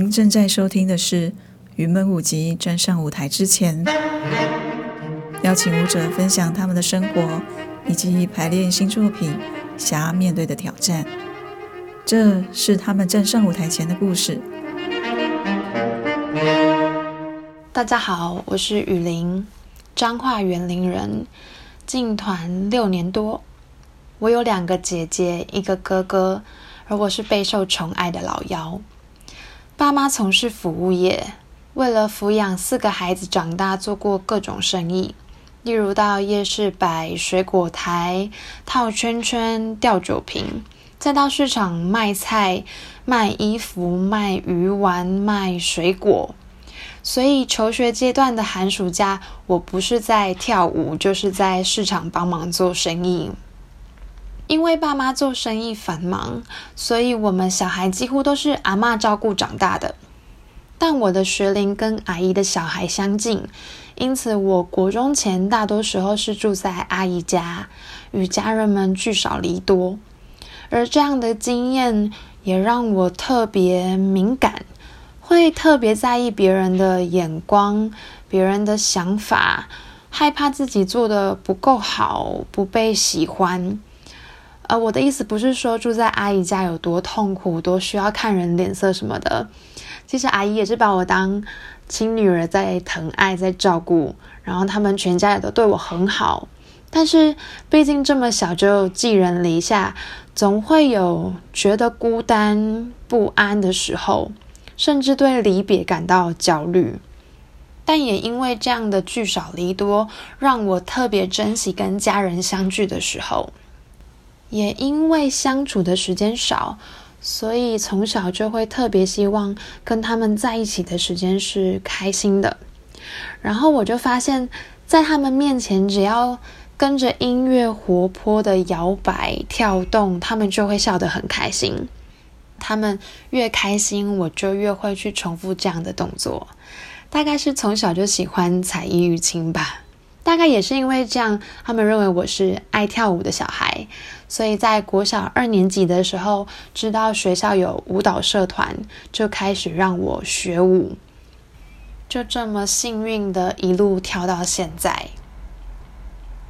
您正在收聽的是《雲門舞集》，站上舞台之前，邀請舞者分享他們的生活以及排練新作品、想要面對的挑戰。這是他們站上舞台前的故事。大家好，我是羽伶，彰化員林人，進團六年多。我有兩個姐姐，一個哥哥，而我是備受寵愛的老幺。爸媽從事服務業，為了撫養四個孩子長大，做過各種生意，例如到夜市擺水果台、套圈圈、吊酒瓶，再到市場賣菜、賣衣服、賣魚丸、賣水果。所以求學階段的寒暑假，我不是在跳舞，就是在市場幫忙做生意。因為爸媽做生意繁忙，所以我們小孩幾乎都是阿嬤照顧長大的。但我的學齡跟阿姨的小孩相近，因此我國中前大多時候是住在阿姨家，與家人們聚少離多。而這樣的經驗也讓我特別敏感，會特別在意別人的眼光、別人的想法，害怕自己做得不夠好，不被喜歡。呃，我的意思不是說住在阿姨家有多痛苦，多需要看人臉色什麼的。其實阿姨也是把我當親女兒在疼愛，在照顧。然後他們全家也都對我很好。但是畢竟這麼小就寄人籬下，總會有覺得孤單不安的時候，甚至對離別感到焦慮。但也因為這樣的聚少離多，讓我特別珍惜跟家人相聚的時候。也因為相處的時間少，所以從小就會特別希望跟他們在一起的時間是開心的。然後我就發現，在他們面前，只要跟着音樂活潑的搖擺跳動，他們就會笑得很開心。他們越開心，我就越會去重複這樣的動作。大概是從小就喜歡彩衣娛親吧。大概也是因為這樣，他們認為我是愛跳舞的小孩，所以在國小二年級的時候，知道學校有舞蹈社團，就開始讓我學舞，就這麼幸運的一路跳到現在。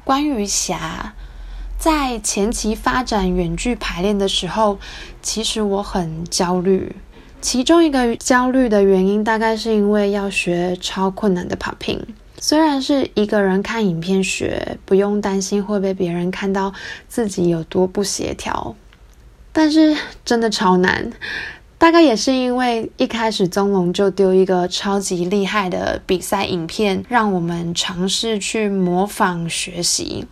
關於霞，在前期發展遠距排練的時候，其實我很焦慮，其中一個焦慮的原因大概是因為要學超困難的 popping。雖然是一個人看影片學，不用擔心會被別人看到自己有多不協調，但是真的超難。大概也是因為一開始宗龍就丟一個超級厲害的比賽影片，讓我們嘗試去模仿學習。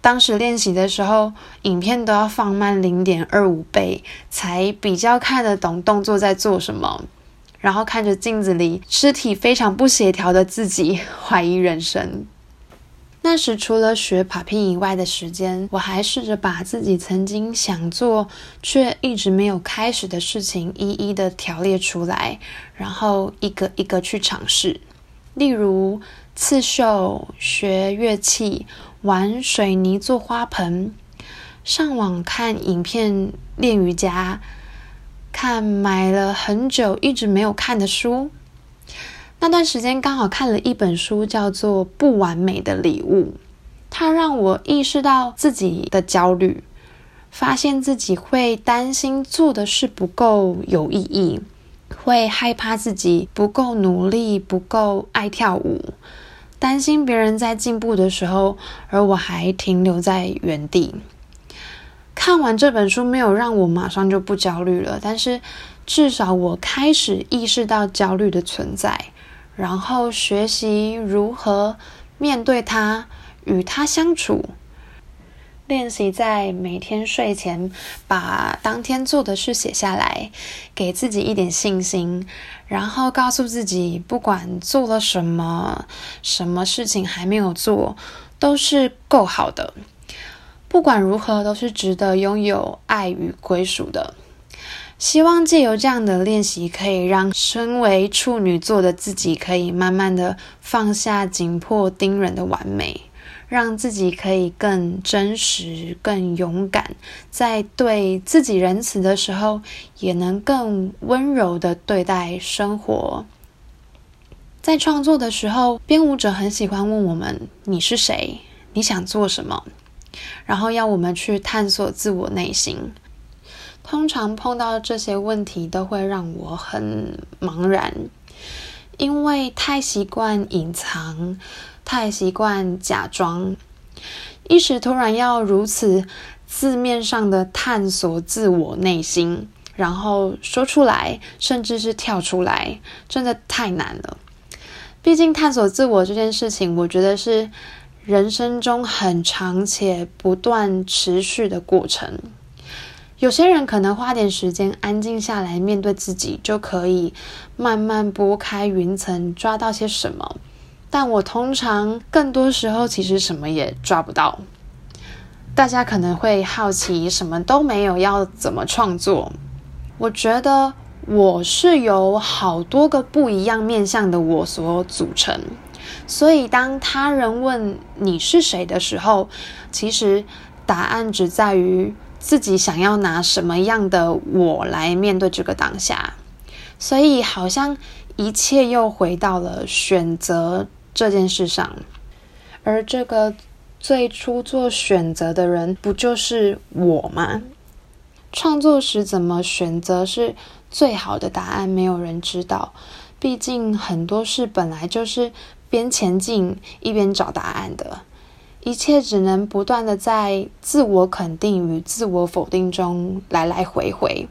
當時練習的時候，影片都要放慢零點二五倍，才比較看得懂動作在做什麼。然後看着鏡子裡肢體非常不協調的自己，懷疑人生。那時除了學 popping 以外的時間，我還試着把自己曾經想做卻一直沒有開始的事情一一的條列出來，然後一個一個去嘗試。例如刺繡、學樂器、玩水泥做花盆、上網看影片練、練瑜伽。看買了很久一直沒有看的書，那段時間剛好看了一本書，叫做《不完美的禮物》，它讓我意識到自己的焦慮，發現自己會擔心做的事不夠有意義，會害怕自己不夠努力、不夠愛跳舞，擔心別人在進步的時候，而我還停留在原地。看完這本書，沒有讓我馬上就不焦慮了，但是至少我開始意識到焦慮的存在，然後學習如何面對它、與它相處。練習在每天睡前把當天做的事寫下來，給自己一點信心，然後告訴自己，不管做了什麼，什麼事情還沒有做，都是夠好的。不管如何，都是值得擁有愛與歸屬的。希望借由這樣的練習，可以讓身為處女座的自己，可以慢慢的放下緊迫盯人的完美，讓自己可以更真實、更勇敢，在對自己仁慈的時候，也能更溫柔的對待生活。在創作的時候，編舞者很喜歡問我們：“你是誰？你想做什麼？”然後要我們去探索自我內心，通常碰到這些問題都會讓我很茫然，因為太習慣隱藏，太習慣假裝，一時突然要如此字面上的探索自我內心，然後說出來，甚至是跳出來，真的太難了。畢竟探索自我這件事情，我覺得是，人生中很長且不斷持續的過程，有些人可能花點時間安靜下來面對自己，就可以慢慢撥開雲層抓到些什麼。但我通常更多時候其實什麼也抓不到。大家可能會好奇，什麼都沒有要怎麼創作？我覺得我是由好多個不一樣面向的我所組成。所以，當他人問你是誰的時候，其實答案只在於自己想要拿什麼樣的我來面對這個當下。所以，好像一切又回到了選擇這件事上。而這個最初做選擇的人，不就是我嗎？創作時怎麼選擇是最好的答案，沒有人知道。畢竟，很多事本來就是邊前進一邊找答案的。一切只能不斷的在自我肯定與自我否定中來來回回。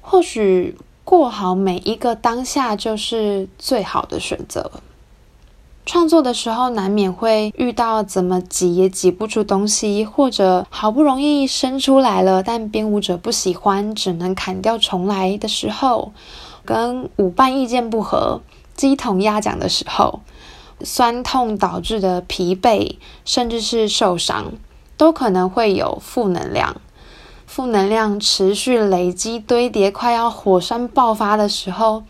或許過好每一個當下就是最好的選擇。創作的時候難免會遇到怎麼擠也擠不出東西，或者好不容易生出來了，但編舞者不喜歡，只能砍掉重來的時候，跟舞伴意見不合，雞同鴨講的時候。酸痛導致的疲憊，甚至是受傷，都可能會有負能量。負能量持續累積、堆疊，快要火山爆發的時候，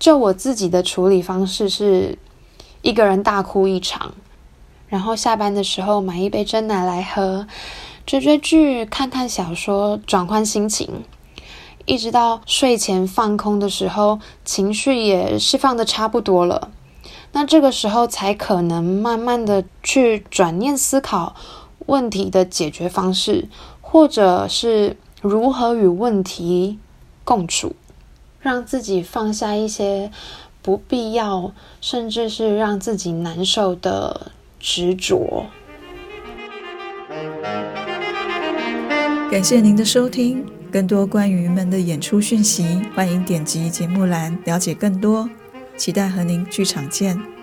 就我自己的處理方式是，一個人大哭一場，然後下班的時候買一杯珍奶來喝，追追劇、看看小說，轉換心情，一直到睡前放空的時候，情緒也釋放的差不多了。那這個時候才可能慢慢的去轉念思考問題的解決方式，或者是如何與問題共處，讓自己放下一些不必要，甚至是讓自己難受的執着。感謝您的收聽，更多關於雲門的演出訊息，歡迎點擊節目欄了解更多。期待和您劇場見。